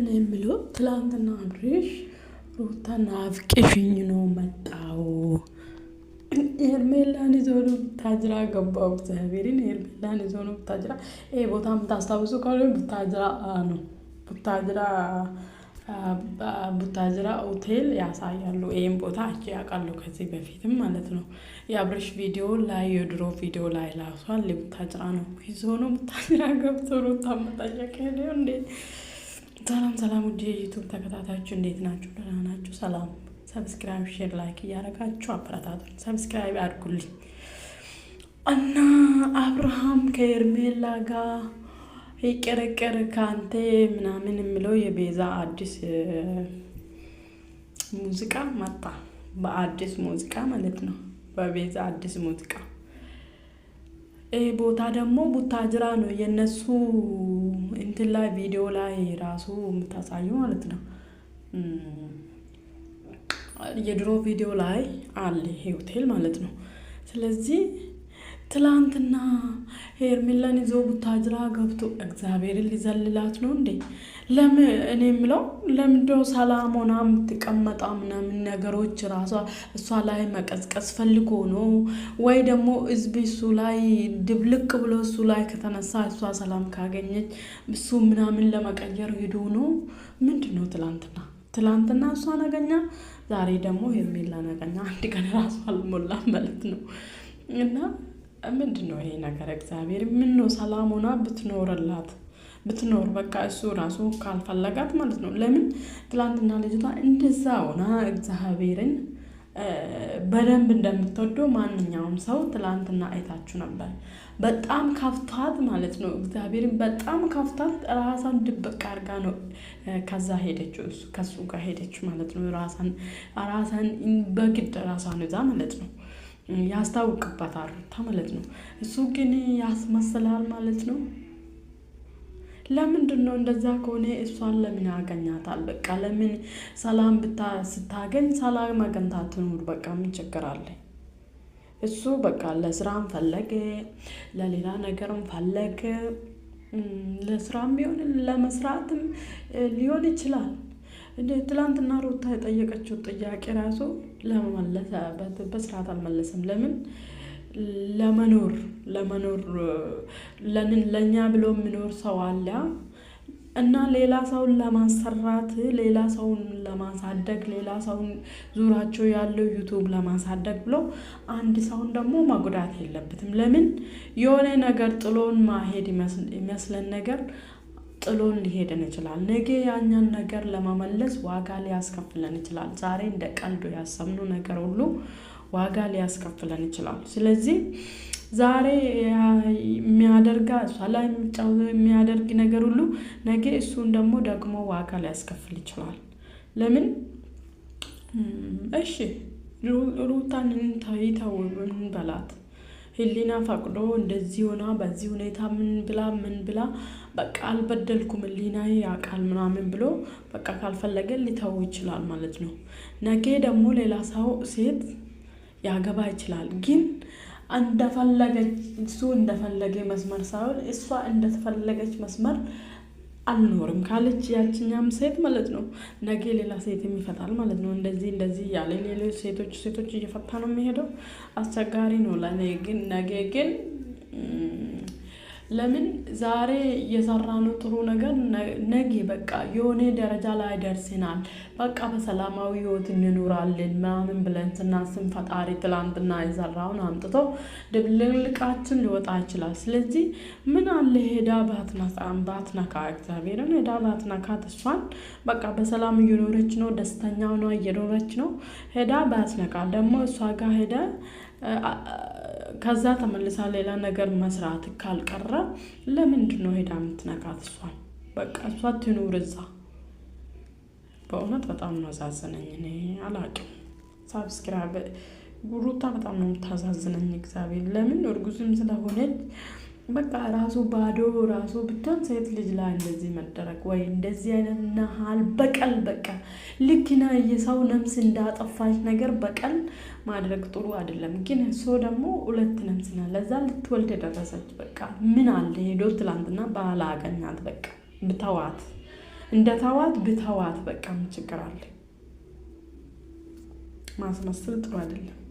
እኔ የምለው ትላንትና አብሬሽ ሩታን አፍቅሽኝ ነው መጣው ሄርሜላን ይዞ ነው ብታጅራ ገባው። እግዚአብሔርን ሄርሜላን ይዞ ነው ብታጅራ። ይሄ ቦታ የምታስታውሱ ከሆነ ብታጅራ ነው ብታጅራ ቡታጅራ ሆቴል ያሳያሉ። ይህም ቦታ እጅ ያውቃሉ ከዚህ በፊትም ማለት ነው። የአብረሽ ቪዲዮ ላይ የድሮ ቪዲዮ ላይ ላሷል። ቡታጅራ ነው ይዞ ነው ቡታጅራ ገብቶ ሩታ መጠየቅ ሄደ እንዴ ሰላም ሰላም፣ ውድ የዩቱብ ተከታታዮች እንዴት ናችሁ? ደህና ናችሁ? ሰላም። ሰብስክራይብ፣ ሼር፣ ላይክ እያደረጋችሁ አበረታቶች ሰብስክራይብ አድርጉልኝ እና አብርሃም ከኤርሜላ ጋር ይቅርቅር ከአንተ ምናምን የምለው የቤዛ አዲስ ሙዚቃ መጣ። በአዲስ ሙዚቃ ማለት ነው። በቤዛ አዲስ ሙዚቃ ቦታ ደግሞ ቡታጅራ ነው። የነሱ እንትን ላይ ቪዲዮ ላይ ራሱ የምታሳዩ ማለት ነው። የድሮ ቪዲዮ ላይ አለ ይሄ ሆቴል ማለት ነው። ስለዚህ ትላንትና ሄርሜላን ይዞ ቡታጅራ ገብቶ እግዚአብሔርን ሊዘልላት ነው እንዴ? እኔ የምለው ለምንድነው ሰላም ሆና የምትቀመጣ ምናምን ነገሮች ራሷ እሷ ላይ መቀዝቀዝ ፈልጎ ነው ወይ ደግሞ ህዝብ እሱ ላይ ድብልቅ ብሎ እሱ ላይ ከተነሳ እሷ ሰላም ካገኘች እሱ ምናምን ለመቀየር ሄዶ ነው ምንድን ነው? ትላንትና ትላንትና እሷ ነገኛ፣ ዛሬ ደግሞ ሄርሜላ ነገኛ። አንድ ቀን ራሷ አልሞላም ማለት ነው እና ምንድን ነው ይሄ ነገር? እግዚአብሔር ምን ነው ሰላም ሆና ብትኖርላት ብትኖር በቃ እሱ ራሱ ካልፈለጋት ማለት ነው። ለምን ትላንትና ልጅቷ እንደዛ ሆና እግዚአብሔርን በደንብ እንደምትወደው ማንኛውም ሰው ትላንትና አይታችሁ ነበር። በጣም ከፍቷት ማለት ነው። እግዚአብሔርን በጣም ከፍቷት ራሳን ድብቅ አድርጋ ነው ከዛ ሄደችው እሱ ከሱ ጋር ሄደች ማለት ነው። ራሳን ራሳን በግድ ራሳን እዛ ማለት ነው ያስታውቅባታል ሩታ ማለት ነው። እሱ ግን ያስመስላል ማለት ነው። ለምንድን ነው እንደዛ ከሆነ እሷን ለምን ያገኛታል? በቃ ለምን ሰላም ስታገኝ ሰላም አገንታ ትኑር። በቃ ምን ችግር አለ? እሱ በቃ ለስራም ፈለገ ለሌላ ነገርም ፈለገ ለስራም ቢሆን ለመስራትም ሊሆን ይችላል። እንደ ትላንትና ሩታ የጠየቀችው ጥያቄ ራሱ ለመመለስ በስርዓት አልመለሰም። ለምን ለመኖር ለመኖር ለእኛ ብሎ የሚኖር ሰው አለ እና ሌላ ሰውን ለማሰራት ሌላ ሰውን ለማሳደግ ሌላ ሰውን ዙራቸው ያለው ዩቱብ ለማሳደግ ብሎ አንድ ሰውን ደግሞ መጉዳት የለበትም። ለምን የሆነ ነገር ጥሎን ማሄድ ይመስለን ነገር ጥሎን ሊሄድን ይችላል። ነገ ያኛን ነገር ለመመለስ ዋጋ ሊያስከፍለን ይችላል። ዛሬ እንደ ቀልዶ ያሰብነው ነገር ሁሉ ዋጋ ሊያስከፍለን ይችላል። ስለዚህ ዛሬ የሚያደርጋ እሷ ላይ የሚያደርግ ነገር ሁሉ ነገ እሱን ደግሞ ደግሞ ዋጋ ሊያስከፍል ይችላል። ለምን እሺ ሩታን ተይተው በላት ህሊና ፈቅዶ እንደዚህ ሆና በዚህ ሁኔታ ምን ብላ ምን ብላ በቃ አልበደልኩም ህሊና ያውቃል ምናምን ብሎ በቃ ካልፈለገ ሊተው ይችላል ማለት ነው። ነገ ደግሞ ሌላ ሰው ሴት ያገባ ይችላል ግን እንደፈለገች እሱ እንደፈለገ መስመር ሳይሆን እሷ እንደተፈለገች መስመር አልኖርም ካለች ያችኛም ሴት ማለት ነው፣ ነገ ሌላ ሴት የሚፈታል ማለት ነው። እንደዚህ እንደዚህ እያለ ሌሎች ሴቶች ሴቶች እየፈታ ነው የሚሄደው። አስቸጋሪ ነው ለእኔ ግን ነገ ግን ለምን ዛሬ የሰራነው ጥሩ ነገር ነገ በቃ የሆነ ደረጃ ላይ ደርስናል፣ በቃ በሰላማዊ ህይወት እንኖራለን ምናምን ብለን ስናስብ ፈጣሪ ትላንትና የሰራውን አምጥቶ ድብልቅልቃችን ሊወጣ ይችላል። ስለዚህ ምን አለ ሄዳ ባትነካ፣ እግዚአብሔርን ሄዳ ባትነካ፣ ተስፋን በቃ በሰላም እየኖረች ነው፣ ደስተኛ ሆና እየኖረች ነው። ሄዳ ባትነካ ደግሞ እሷ ጋር ሄደ ከዛ ተመልሳ ሌላ ነገር መስራት ካልቀረ ለምንድን ነው ሄዳ የምትነካት እሷን? በቃ እሷ ትኑር እዛ። በእውነት በጣም ነው አዛዘነኝ። እኔ አላውቅም። ሳብስክራይብ ሩታ በጣም ነው የምታዛዝነኝ። እግዚአብሔር ለምን እርጉዝም ስለሆነች በቃ ራሱ ባዶ ራሱ ብቻን ሴት ልጅ ላይ እንደዚህ መደረግ ወይ እንደዚህ አይነት ናሃል በቀል በቃ ልክና የሰው ነምስ እንዳጠፋች ነገር በቀል ማድረግ ጥሩ አይደለም። ግን እሱ ደግሞ ሁለት ነምስ ና ለዛ ልትወልድ የደረሰች በቃ ምን አለ ሄዶ ትላንትና ባህል አገኛት በቃ ብተዋት እንደ ተዋት ብተዋት በቃ ምን ችግር አለ? ማስመስል ጥሩ አይደለም።